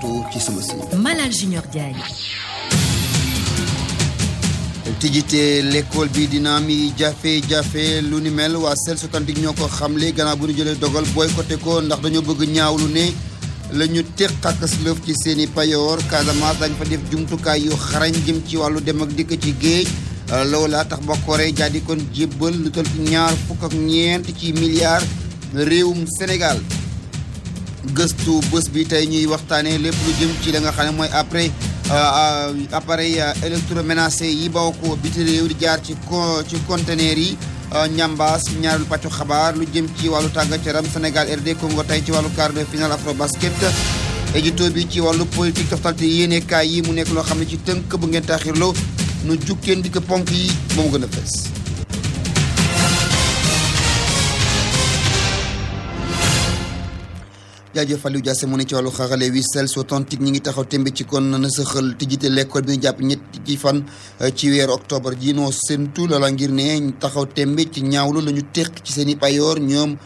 plateau ci sama site. Malal Junior Diagne. tijjite l'école bi dina ami jafe-jafe lu ni mel waa sel sotantik ñoo ko xamle gannaaw bu ñu jëlee dogal boycotté ko ndax dañoo bëgg ñaawlu ne la ñu teq ak lëf ci seeni payoor Casamance dañ fa def jumtukaay yu xarañ jëm ci wàllu dem ak dikk ci géej loola tax ba Corée jaa di kon jébbal lu toll ñaar fukk ak ñeent ci milliards réewum Sénégal. gëstu bës bi tey ñuy waxtaanee lépp lu jëm ci la nga xam ne mooy après appareil euh, euh, électroménager yi ba ko biti réew di jaar ci ci conteneur yi euh, ñambaas ñaareelu pàccu xabaar lu jëm ci wàllu tàggat yaram Sénégal RD Congo tey ci wàllu quart de finale Afrobasket édito bi ci wàllu politique toftalte yéene kaay yi mu nekk loo xam ne ci tënk bu ngeen taaxirloo nu jukkeen di ko ponk yi moom gën a fees jaajëf Aliou Diassé mu ne ci wàllu xarale wi sels authentique ñi ngi taxaw tembe ci kon na saxal te jiite l'école bi ñu jàpp ñetti ci fan euh, ci weer octobre ji noo séntu loola ngir ne taxaw tembe ci ñaawlu la ñu teq ci seen i payoor ñoom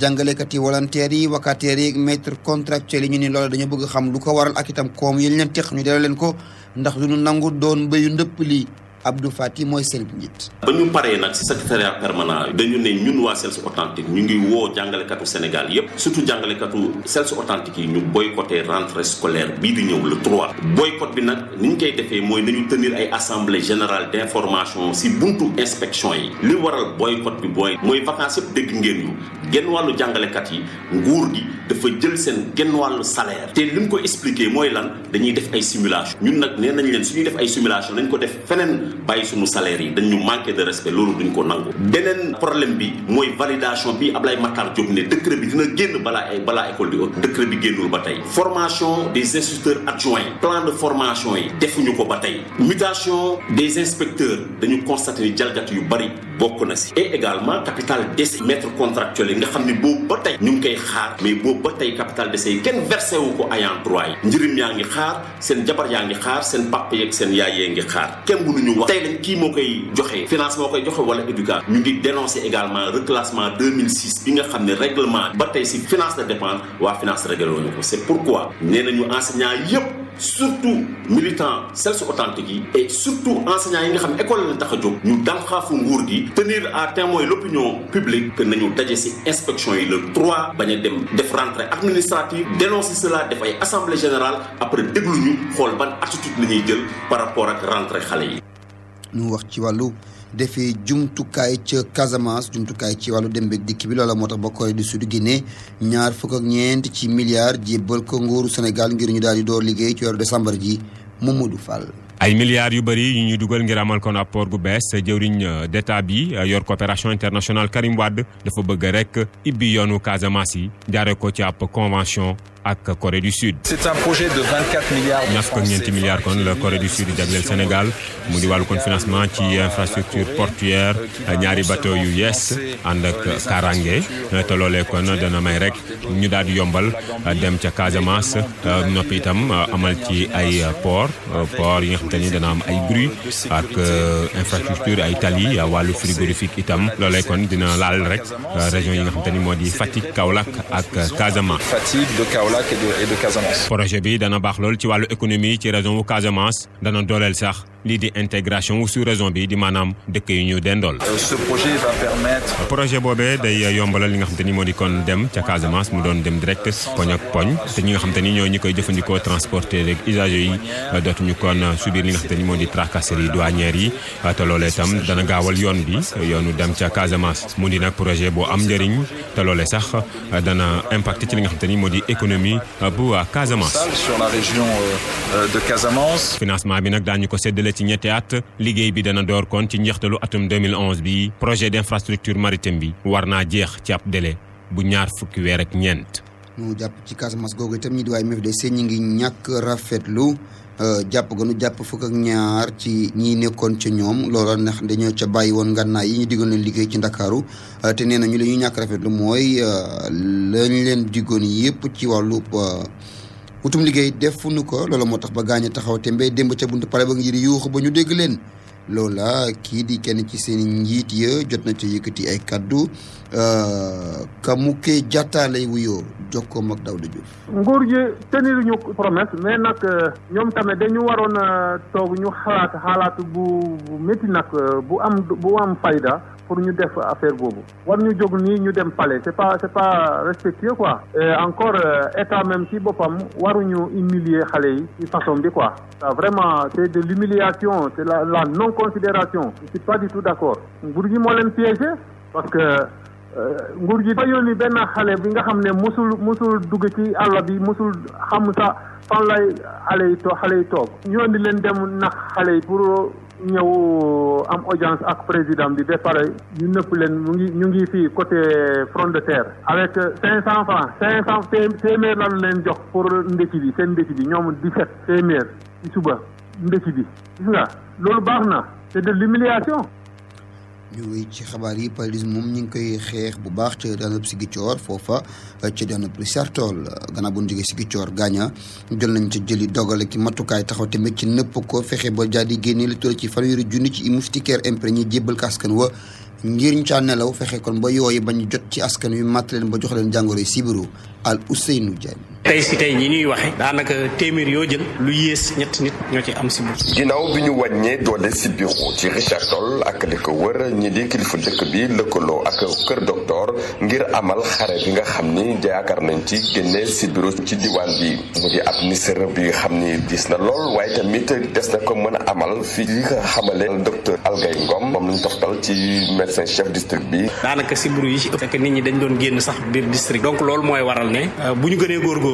jàngalekat yi volontaires yi vacataires yi maître contractuels yi ñu ni loola dañoo bëgg xam lu ko waral ak itam koom yi leen teq ñu delloo leen ko ndax lu ñu nangu doon mbéyu ndëpp lii Abdou Fati mooy seen njiit. ba ñu paree nag si secrétariat permanent dañu ne ñun waa Sels authentique ñu ngi woo jàngalekatu Sénégal yépp surtout jàngalekatu Sels authentique yi ñu boycotté rentrée scolaire bii bi ñëw le 3. boycott bi nag ni ñu koy defee mooy nañu tenir ay assemblée générale d'information si buntu inspection yi li waral boycott bi booy mooy vacances yëpp dégg ngeen ñu genn wàllu jàngalekat yi nguur gi dafa jël seen genn wàllu salaire te li ko expliqué mooy lan dañuy def ay simulation ñun nag nee nañ leen suñuy def ay simulation nañ ko def feneen bàyyi suñu salaire yi dañu manqué de respect loolu duñ ko nangu beneen problème bi mooy validation bi Ablaye Matar Diop ne décret bi dina génn balaa ay e- balaa école di ëpp décret bi génnul ba tey formation des instructeurs adjoints plan de formation yi defuñu ko ba tey mutation des inspecteurs dañu constaté ni jalgat yu bari bokk na si et également capital décès maître contractuel yi nga xam ne boobu ba tey ñu ngi koy xaar mais boobu ba tey capital des yi kenn wu ko ayant droit yi njëriñ yaa ngi xaar seen jabar yaa ngi xaar seen papa yeeg seen yaay yee ngi xaar wax tey lañ kii moo koy joxe finance moo koy joxe wala éducation ñu ngi dénoncer également reclassement 2006 bi nga xam ne règlement ba tey si finance la dépendre waa finance réglé ñu ko c'est pourquoi nee nañu enseignants yëpp surtout militants Celsu authentique yi et surtout yi nga xam ne tax a jóg ñu dànqaafu nguur gi tenir à témoin l'opinion publique nañu daje ci inspection yi le 3 bañ a dem def rentrée administrative dénoncer cela def ay assemblée générale après déglu ñu xool ban attitude la ñuy jël par rapport ak xale yi ñu wax ci wàllu defee jumtukaay ca Casamance jumtukaay ci wàllu dem beeg dikk bi loola moo tax ba Corée du Sud Guinée ñaar fukk ak ñeent ci milliards jébbal ko nguuru Sénégal ngir ñu daal di door liggéey ci weeru décembre ji Mamadou Fall. ay milliards yu bëri yu ñuy dugal ngir amal kon apport gu bees jëwriñ euh, d'état bi euh, yor coopération internationale Karim Wade dafa bëgg rek ibbi yoonu Casamance yi jaare ko ci ab convention ak Corée du Sud. c'est un projet ko ñeenti milliards kon la Corée du Sud jagleel Sénégal mu di wàllu kon financement ci euh, infrastructure portuaire euh, ñaari bato yu yees ànd ak euh, kaaraange te loole kon dana may rek ñu daal di yombal dem ca Casamance noppi itam amal ci ay port port yi nga xam te ni dana am ay bruit ak infrastructure ay tali wàllu frigorifique itam loolee kon dina laal rek région yi nga xam te ni moo di Fatick Kaolack ak Casamance. Kaolack et de et de Casamance. projet bi dana baax lool ci wàllu économie ci région wu Casamance dana dooleel sax lii di intégration wu sous-région bi di maanaam dëkk yu ñu dendool. Euh, ce projet boobee day yombalal li nga xam te ni moo di kon dem ca Casamance mu doon dem direct poñ ak poñ te ñi nga xam te ni ñoo ñi koy jëfandikoo transporter rek usagers yi euh, dootuñu kon euh, subir li nga xam te ni moo di tracasserie douanière yi te loolee itam dana gaawal yoon bi yoonu dem ca Casamance mu di nag projet boo am njariñ te loolee sax dana impact ci li nga xam ni moo di économie bu Casamance. ci ñetti at liggéey bi dana door kon ci njeextalu atum 2011 bi projet d'infrastructure maritime bi war na jeex ci ab délai bu ñaar fukki weer ak ñeent. ñu jàpp ci Casamance googu itam ñi di waaye MFDC ñi ngi ñàkk rafetlu euh, jàpp gënu jàpp fukk ak ñaar ci ñi nekkoon ca ñoom loola ndax dañoo ca bàyyi woon ngànnaay yi ñu diggoon leen liggéey ci Ndakaaru euh, te nee na ñu la ñàkk rafetlu mooy euh, lañ leen diggoon yëpp ci wàllu wutum liggéey defuñu ko loolu moo tax ba gaañ a taxaw te mbay démb ca buntu pare ba ngir yuuxu ba ñu dégg leen loola kii di kenn ci seen njiit ya jot na ci yëkkati ay kaddu euh, Kamuke Diatta lay wuyoo jokkoo mag Daouda Diouf. nguur gi tenir ñu promesse mais nag euh, ñoom tamit dañu waroon a euh, toog ñu xalaat xalaat bu bu métti nag bu am bu am fayda. pour ñu def affaire boobu war ñu jóg nii ñu dem palais c'est pas c'est pas respectueux quoi encore euh, état même ci boppam waruñu humilier xale yi ci façon bi quoi ça vraiment c'est de l'humiliation c'est la la non considération je suis pas du tout d'accord nguur gi moo leen piégé parce nguur gi dafa yónni benn xale bi nga xam ne mosul mosul dugg ci àll bi mosul xam sa fan lay xale yi toog xale yi toog ñoo ni leen dem nax xale yi pour ñëw am audience ak président bi ba pare ñu nëpp leen mu ngi ñu ngi fii côté front de terre avec cinq cent francs cinq cent téeméer la leen jox pour ndékki bi seen ndékki bi ñoom di set téeméer ci suba ndékki bi gis nga loolu baax na c'est de l'humiliation ñu ci xabaar yi paludisme moom ñu ngi koy xeex bu baax ca daanab Sigicoor foofa ca daanab Richard-Toll gannaaw bu ñu jógee Sigicoor gaaña jël nañ ca jëli dogale ki matukaay taxaw te tamit ci nëpp ko fexe ba daal di génne li toll ci fanweeri junni ci moustiquaire imprégné jébbal ko askan wa ngir ñu caa nelaw fexe kon ba yooyu bañ jot ci askan wi màtt leen ba jox leen jàngoroy yi sibiru al Ousseynou Diagne tey si tey ñi ñuy waxe daanaka téeméer yoo jël lu yées ñett nit ñoo ci am si bopp. bi ñu wàññee doole si bureau ci Richard Toll ak li ko wër ñi di kilifa dëkk bi lëkkaloo ak kër docteur ngir amal xare bi nga xam ni yaakaar nañ ci génne si bureau ci diwaan bi mu di ab nisër bi xam ni gis na lool waaye tamit des na ko mën a amal fi li nga xamale docteur Algay Ngom moom lañ toftal ci médecin chef district bi. daanaka si yi ci ëpp. fekk nit ñi dañu doon génn sax biir district. donc loolu mooy waral euh,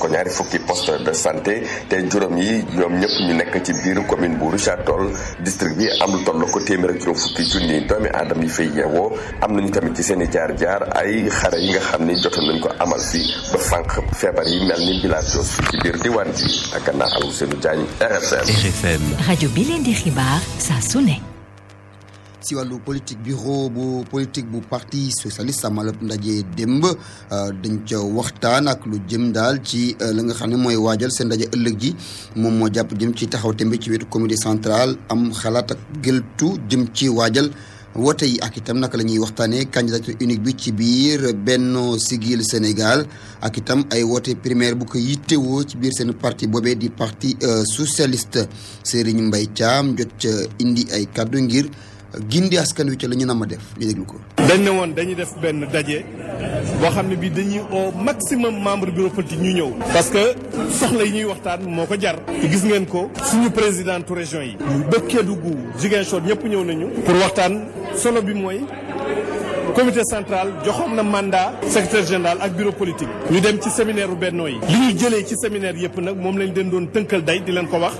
ko ñaari fukki poste de santé te juróom yi ñoom ñëpp ñu nekk ci biir commune bu Richard Toll district bi am lu toll ko téeméer ak juróom fukki junni doomi aadama yi fay yeewoo am nañu tamit ci seen i jaar-jaar ay xare yi nga xam ni jot nañ ko amal fii ba fànq feebar yi mel ni bilharziose fii ci biir diwaan bi ak naa Alou Seynou Diagne RFM. RFM bi leen di xibaar saa su si wàllu politique bureau bu politique bu parti socialiste amal ndaje démb euh, dañ ca waxtaan ak lu jëm daal ci euh, la nga xam ne mooy waajal seen ndaje ëllëg ji moom moo jàpp jëm ci taxaw tembe ci wetu comité central am xalaat ak gëltu jëm ci waajal woote yi ak itam naka la ñuy waxtaanee candidature unique bi ci biir Benno Siggil Sénégal ak itam ay woote primaire bu ko yittewoo ci biir seen parti boobee di parti euh, socialiste Serigne mbay caam jot ca indi ay kàddu ngir. gindi askan wi ci la ñu nam a def ñu déglu ko. dañ ne woon dañuy def benn daje boo xam ne bii dañuy au maximum membre bureau politique ñu ñëw. parce que soxla yi ñuy waxtaan moo ko jar. te gis ngeen ko suñu présidentu région yi. ba Kédougou Ziguinchor ñëpp ñëw nañu. pour waxtaan solo bi mooy. comité central joxoon na mandat secrétaire général ak bureau politique ñu dem ci séminaire bu bennoo yi li ñu jëlee ci séminaire yëpp nag moom lañ leen doon tënkal day di leen ko wax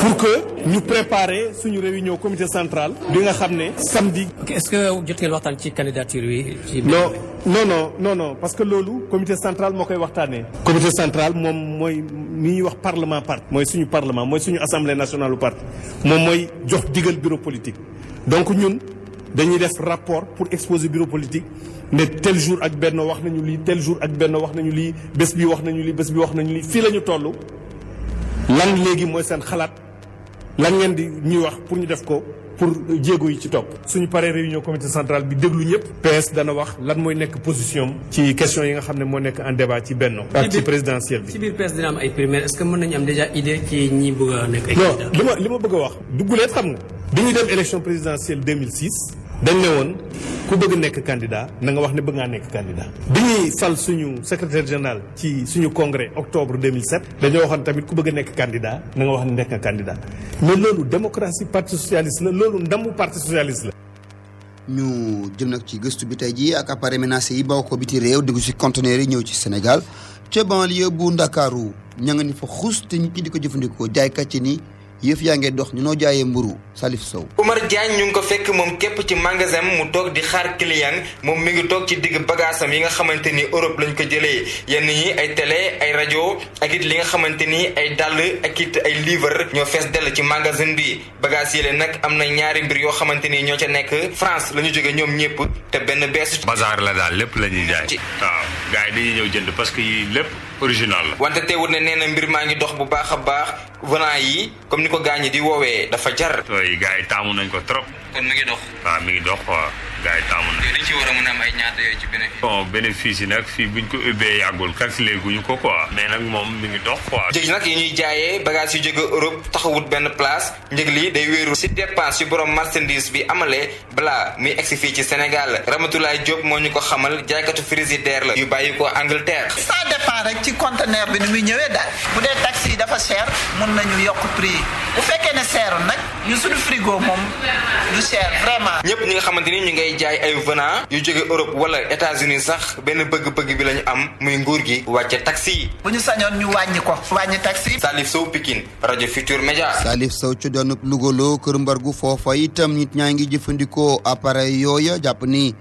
pour que ñu préparer suñu réunion comité centrale bi nga xam ne samedi. ok est-ce que jot ngeen waxtaan ci candidature yi. ci non non non non parce que loolu comité central moo koy waxtaanee. comité centrale moom mooy ni ñuy wax parlement parti mooy suñu parlement mooy suñu assemblée nationale parti moom mooy jox digal bureau dañuy def rapport pour exposer bureau politique ne tel jour ak benn wax nañu lii tel jour ak benn wax nañu lii bés bi wax nañu lii bés bi wax nañu lii fii la ñu toll lan léegi mooy seen xalaat lan ngeen di ñuy wax pour ñu def ko pour jéego yi ci topp. suñu paree réunion comité central bi déglu ñëpp. PS dana wax lan mooy nekk position ci question yi nga xam ne moo nekk en débat ci benno ak ci présidentielle bi. ci biir PS dina am ay primaires est mën nañu am déjà idée ci ñi ma bëgg a wax. dugguleet xam nga. bi ñu dem élection présidentielle 2006. dañ ne woon ku bëgg nekk candidat na nga wax ne bëgg ngaa nekk candidat bi ñuy fal suñu secrétaire général ci suñu congrès octobre 2007 dañoo waxoon tamit ku bëgg nekk candidat na nga wax ne nekk nga candidat mais loolu démocratie parti socialiste la loolu ndamu parti socialiste la. ñu jëm nag ci gëstu bi tey jii ak appareil menacé yi bawoo ko biti réew dugg ci conteneur yi ñëw ci senegal ca banlieue bu Ndakaaru ña nga ni fa xuus te ñu di ko jëfandikoo jaaykat yi ni. yëf yaa ngi dox ñu noo jaayee mburu Salif Sow. Oumar Diagne ñu ngi ko fekk moom képp ci magasin mu toog di xaar kiliyan moom mi ngi toog ci digg bagaasam yi nga xamante ni Europe lañ ko jëlee yenn yi ay tele ay rajo ak it li nga xamante ni ay dàll ak it ay liver ñoo fes dell ci magasin bi bagages yi leen nag am na ñaari mbir yoo xamante ni ñoo ca nekk France lañu jóge ñoom ñëpp te benn beesu. bazaar la daal lépp la ñuy jaay. waaw gars yi ñëw jënd parce que lépp. original la. wante teewul ne nee na mbir maa ngi dox bu baax a baax venant yi comme ni ko gaañ yi di woowee dafa jar. yooyu gars yi taamu nañ ko trop. kon mi ngi dox. waaw mi dox taamu nañ ko. ci war a mën ci yi nag fii buñ ko ubbee yàggul calculé guñu ko quoi. mais moom mi ngi dox quoi. jëg nag yi ñuy jaayee bagage yu jóge Europe taxawut benn place njëg li day wéeru si dépense yu borom marchandise bi amalee balaa muy egsi fii ci Sénégal Ramatoulaye Diop moo ñu ko xamal jaaykatu frigidaire la yu bàyyi ko Angleterre. ça dépend rek ci conteneur bi ni muy ñëwee daal bu dee taxi dafa cher mun nañu yokk prix bu fekkee ne seerul nag ñu suñu frigo moom du cher vraiment. ñëpp ñi nga xamante ni ñu ngay jaay ay venant yu jóge Europe wala États-Unis sax benn bëgg-bëgg bi la am muy nguur gi wàcce taxi yi. bu ñu sañoon ñu wàññi ko wàññi taxi yi. Salif Sow Pikine rajo Futur Media. Salif Sow ci doon Louga Kër Mbargu foofa itam nit ñaa ngi jëfandikoo appareil yooya jàpp ni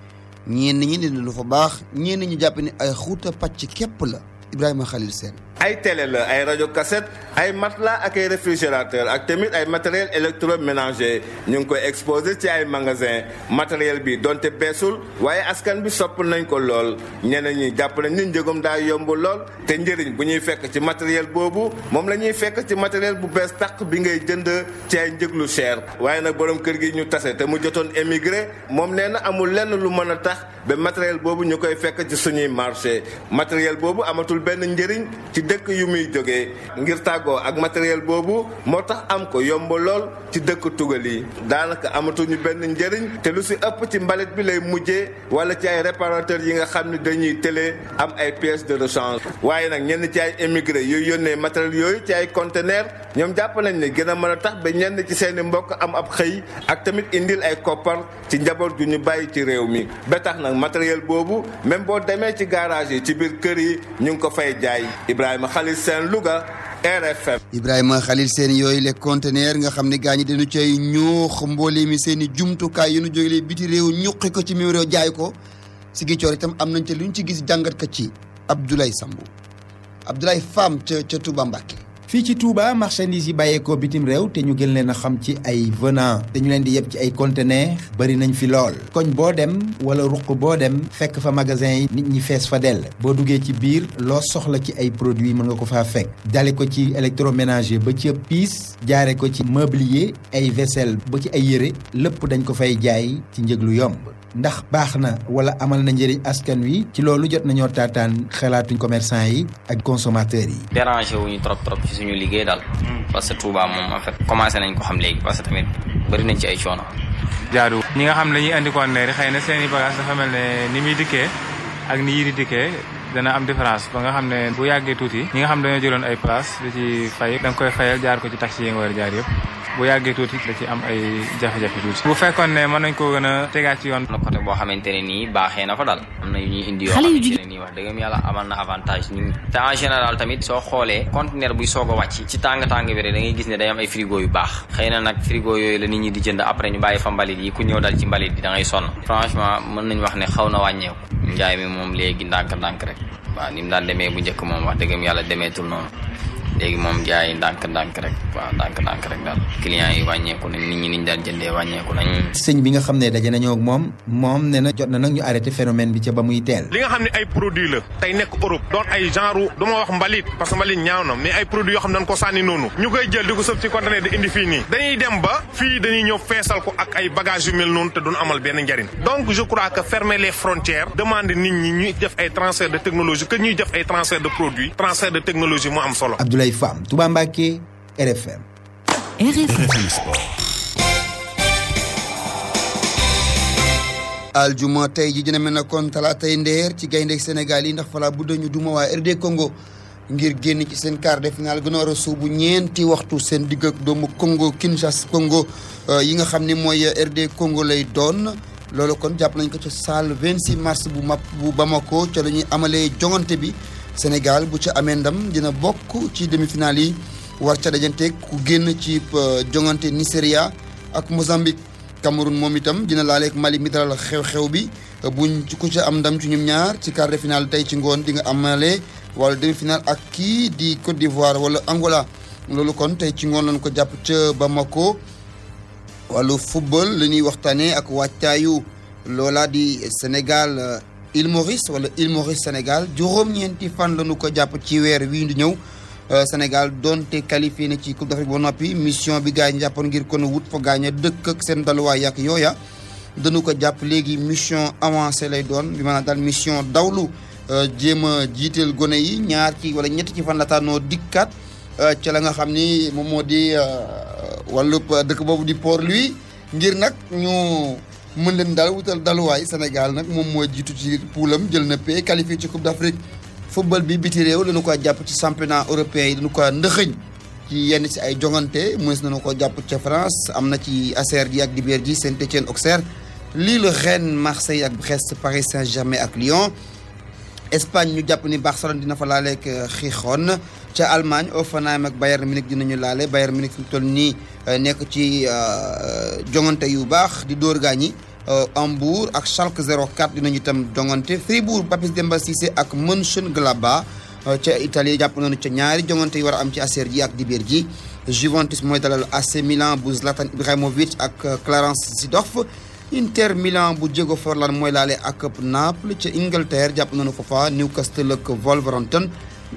ñenn ñi ne lu fa baax ñenn jàpp ni ay xuuta képp la. Ibrahima Khalil Sène ay télé la ay rajo cassette ay mat la ak ay réfrigérateur ak tamit ay matériel électroménager ñu ngi koy exposé ci ay magasin matériel bi donte beesul waaye askan bi sopp nañ ko lool ñeneen ñuy jàpp nañ ni njëgum daa yomb lool te njëriñ bu ñuy fekk ci matériel boobu moom la ñuy fekk ci matériel bu bees tàq bi ngay jënd ci ay njëg lu cher waaye nag borom kër gi ñu tase te mu jotoon émigré moom nee na amul lenn lu mën a tax ba matériel boobu ñu koy fekk ci suñuy marché matériel boobu amatul benn njëriñ ci dëkk yu muy jóge ngir tàggoo ak matériel boobu moo tax am ko yomb lool ci dëkk tugal yi daanaka amatuñu benn njëriñ te lu si ëpp ci mbalit bi lay mujje wala ci ay réparateur yi nga xam ne dañuy télé am ay pièces de rechange waaye nag ñenn ci ay émigré yooyu yónnee matériel yooyu ci ay conteneur ñoom jàpp nañ ne gën a mën a tax ba ñenn ci seeni mbokk am ab xëy ak tamit indil ay koppar ci njaboot gu ñu bàyyi ci réew mi ba tax nag matériel boobu même boo demee ci garage yi ci biir kër yi ñu ngi ko fay jaay Ibrahima Ibrahima Khalil Sène Louga RFM. Ibrahima Khalil seen yooyu le conteneur nga xam ne gaa ñi dañu cay ñuux mboolee mi seen i jumtukaay yu ñu jóglee biti réew ñuqi ko ci mim réew jaay ko si gi itam am nañ ci lu ñu ci gis jàngat ko ci Abdoulaye Sambou Abdoulaye Fam ca ca Touba Mbacké li ci Touba marchandise yi bàyyeekoo bitim réew te ñu gën leen a xam ci ay venant dañu leen di yeb ci ay conteneur bari nañ fi lool koñ boo dem wala ruq boo dem fekk fa magasin yi nit ñi fees fa dell boo duggee ci biir loo soxla ci ay produits mën nga ko faa fekk dale ko ci électroménager ba ci piis jaare ko ci mobilier ay vaisselle ba ci ay yére lépp dañ ko fay jaay ci njëg lu yomb ndax baax na wala amal na njëriñ askan wi ci loolu jot nañoo taataan xalaatuñ commercant yi ak consommateurs yi. dérangé wuñu trop trop ci suñu liggéey daal. Hmm. parce que Touba moom en fait commencé nañ ko xam léegi parce que tamit bari nañ ci ay coono. jaadu ñi nga xam ne dañuy andi conteneur yi xëy na seen i bagages dafa mel ne ni muy dikkee ak ni yi di dikkee dana am différence ba nga xam ne bu yàggee tuuti ñi nga xam dañoo jëloon ay place da koy fayal jaar ko ci taxi yi war jaar yëpp bu yàggee tuuti da ci am ay jafe-jafe bu fekkoon ne mën nañ koo gën a tegaat ci yoon na côté boo xamante ne nii baaxee na fa daal am na yu ñuy indi yoo xamante ne wax dëggam yàlla amal na avantage nit ñi te tamit soo xoolee conteneur buy soog a wàcc ci tàng-tàng bi rek gis ne day am ay frigo yu baax xëy na nag frigo yooyu la nit ñi di jënd après ñu bàyyi fa mbalit yi ku ñëw dal ci mbalit yi da sonn franchement mën nañ wax ne xaw na wàññeeku njaay mi moom léegi ndànk-ndànk rek waaw ni mu daan demee bu njëkk moom wax dëggam yàlla demeetul noonu léegi moom njaay ndànk-ndànk rek quoi ndànk-ndànk rek daal clients yi wàññeeku nañ nit ñi niñ daan jëndee wàññeeku nañ sëñ bi nga xam ne daje nañoo ak moom moom ne na jot na nag ñu arrêté phénomène bi ca ba muy teel li nga xam ne ay produit la tey nekk Europe doon ay genre du ma wax mbalit parce que mbalit ñaaw na mais ay produit yoo xam ne ko sànni noonu ñu koy jël di ko sëb ci conteneur di indi fii nii dañuy dem ba fii dañuy ñëw feesal ko ak ay bagage yu noonu te duñ amal benn njariñ que fermer les frontières demande nit ñi ñuy def ay transfert de technologie que ñuy def ay transfert de produit transfert de technologie moo am solo Abdoulaye Fam Touba RFM. RFM aljuma tey ji dina mel na kon talaatay ndeer ci gaynde Sénégal yi ndax fala bu dañu duma waa RD Congo ngir génn ci seen quart de finale gën a war a suubu ñeenti waxtu seen digg ak doomu Congo Kinshasa Congo euh, yi nga xam ni mooy RD Congo lay doon loolu kon jàpp nañ ko ca salle 26 mars bu map bu Bamako ca lañuy ñuy amalee jongante bi senegal bu ci amee ndam dina bokk ci demi-finale yi war ca dajante ku génn ci euh, jongante Nigeria ak Mozambique Cameroun moom itam dina laaleeg Mali mi dalal xew-xew bi euh, bu ku ca am ndam ci ñum ñaar ci quart de finale tey ci ngoon di nga amale wala demi-finale ak kii di Côte d'Ivoire wala Angola loolu kon tey ci ngoon lañ ko jàpp ca Bamako wàllu football la ñuy waxtaanee ak wàccaayu loola di Sénégal euh, Île Maurice wala Île Maurice Sénégal juróom-ñeenti fan la ko jàpp ci weer wii di ñëw. Euh, Sénégal doonte qualifié na ci Coupe d'Afrique ba noppi mission bi gars yi jàppoon ngir kon wut fa gaañ a dëkk ak seen daluwaay yàq yooya. danu ko jàpp léegi mission avancé lay doon bi maanaam daal mission dawlu euh, jéem a jiiteel gone yi ñaar ci wala ñetti ci fan la tànnoo euh, ca la nga xam ni moom moo di wàllu dëkk boobu di Port-Louis ngir nag ñu mën leen daal wutal daluwaay Sénégal nag moom mooy jiitu ci poulam jël na pay qualifié ci Coupe d'Afrique. football bi biti réew dañu ko jàpp ci championnat européen yi dañu ko ndëxëñ ci yenn ci ay jongante mënees nañu ko jàpp ca France am na ci Auxerre ji ak Dibeer ji Saint-Étienne Auxerre Lille Rennes Marseille ak Brest Paris Saint-Germain ak Lyon Espagne ñu jàpp ni Barcelone dina fa laaleeg euh, Gijón ca Allemagne Hoffenheim ak Bayern Munich dinañu laale Bayern Munich fi toll nii euh, nekk ci euh, jongante yu baax di dóor gaañi Euh, Hambourg ak Schalke 04 dinañu itam jongante Fribourg Papis Demba Cissé ak Mönchengladbach euh, ca Italie jàpp nañu ca ñaari jongante yi war am ci aser ji ak dibéer ji Juventus mooy dalal AC Milan bu Zlatan Ibrahimovic ak euh, Clarence Seedorf Inter Milan bu Diego Forlan mooy laale ak Naples ca Ingleterre jàpp nañu ko fa Newcastle ak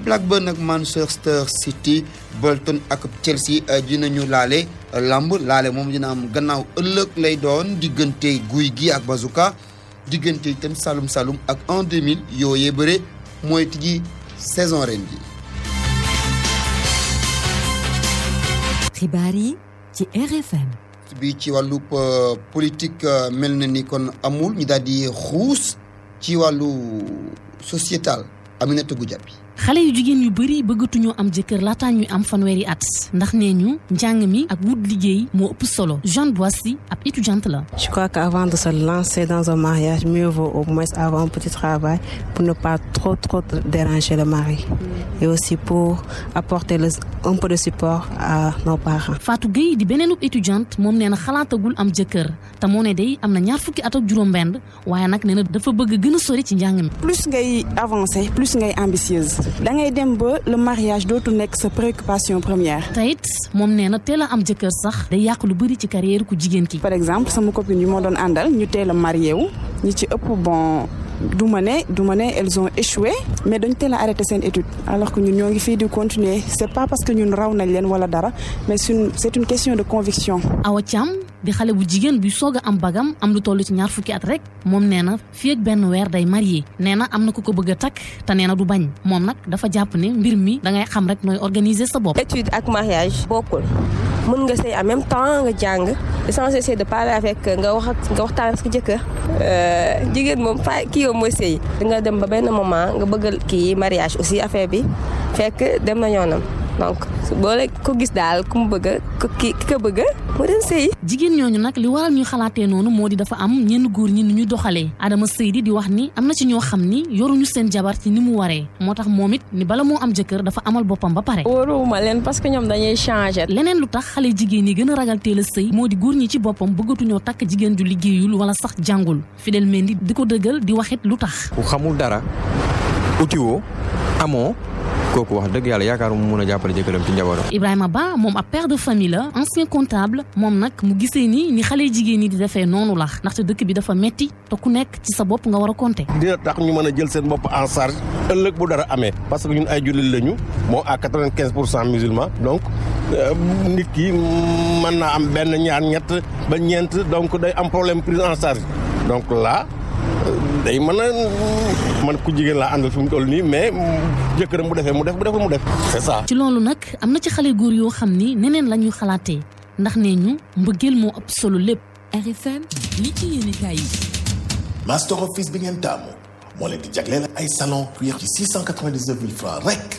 Blackburn ak Manchester City Bolton ak Chelsea euh, dinañu laale euh, lamb laale moom dina am gannaaw ëllëg lay doon diggante guy gi ak Bazooka diggante itam Saloum Saloum ak en 2000 yooyee bëre mooy tijji saison ren bi. xibaar yi ci RFM. bi ci wàllub euh, politique mel na ni kon amul ñu daal di xuus ci wàllu sociétal Aminata Goudiaby xale yu jigéen yu bëri bëggatuñoo am jëkkër laataa ñuy am fanweeri at ndax nee ñu njàng mi ak wut liggéey moo ëpp solo Jeanne Boissy ab étudiante la. je crois que avant de se lancer dans un mariage mieux vaut au moins avoir petit travail pour ne pas trop trop déranger le mari et aussi pour apporter le un peu de support à nos parents. Fatou Gueye di beneen étudiante moom nee na xalaatagul am jëkkër te moo ne day am na ñaar fukki at ak juróom-benn waaye nag nee dafa bëgg gën a sori ci njàng mi. plus ngay avancer plus ngay da ngay dem ba le mariage dootu nekk sa préoccupation première. te it moom nee na teel a am jëkkër sax. day yàq lu bëri ci carrière ku jigéen ki. par exemple sama copine yu moo doon àndal ñu teel a marié wu ñi ci ëpp bon. du ma ne du ma ne elles ont échoué mais dañ teel a arrêté seen étude alors que ñun ñoo ngi fii di continuer c'est pas parce que ñun raw nañ leen wala dara mais c'est une question de conviction. Awa Thiam di xale bu jigéen bi soog a am bagam am lu toll ci ñaar fukki at rek moom nee na fii benn weer day marié nee na am na ku ko bëgg a takk te nee na du bañ moom nag dafa jàpp ne mbir mi da ngay xam rek nooy organiser sa bopp. étude ak mariage bokkul mën nga sëy en même temps nga jàng l'essentiel c'est de parler avec nga wax nga waxtaan ak sa jëkkër euh, jigéen moom fa kii yow mooy sëy. da nga dem ba benn moment nga bëggal kii mariage aussi affaire bi fekk dem na yoonam. donc boole ko gis daal ku mu bëgg ku ki ki ko bëgg dem sëy jigéen ñooñu nag li waral ñu xalaatee noonu moo di dafa am ñenn góor ñi ni ñu doxalee Adama Seydi di wax ni am na ci ñoo xam ni yoruñu seen jabar ci ni mu waree moo tax moom it ni bala moo am jëkkër dafa amal boppam ba pare wóoruwuma leen parce que ñoom dañuy changer leneen lu tax xale jigéen ñi gën a ragal teel a sëy moo di góor ñi ci boppam bëggatuñoo takk jigéen ju liggéeyul wala sax jàngul Fidèle Mendy di ko dëggal di waxit lu tax xamul dara utiwoo kooku wax dëgg yàlla yaakaar mu mun a jàppale jëkkëram ci njabootam. Ibrahima Ba moom ab père de famille la ancien comptable moom nag mu gisee ni ni xale jigéen di defee noonu la ndaxte dëkk bi dafa metti te ku nekk ci sa bopp nga war a compter. dina tax ñu mën a jël seen bopp en charge ëllëg bu dara amee parce que ñun ay jullit lañu moom à quatre-vingt-quinze pour cent musulman donc euh, nit ki naa am benn ñaar ñett ba ñeent donc day am problème prise en charge donc là. day mën a man ku jigéen laa àndal fi mu toll nii mais jëkkëram bu defee mu def bu deful mu def c'est ci loolu nag am na ci xale góor yoo xam ni neneen la ñuy xalaatee ndax nee ñu mbëggeel moo ëpp solo lépp. RFM li ci yéene kaay yi. master office bi ngeen taamu moo leen di jagleel ay salon cuir ci 699 000 francs rek.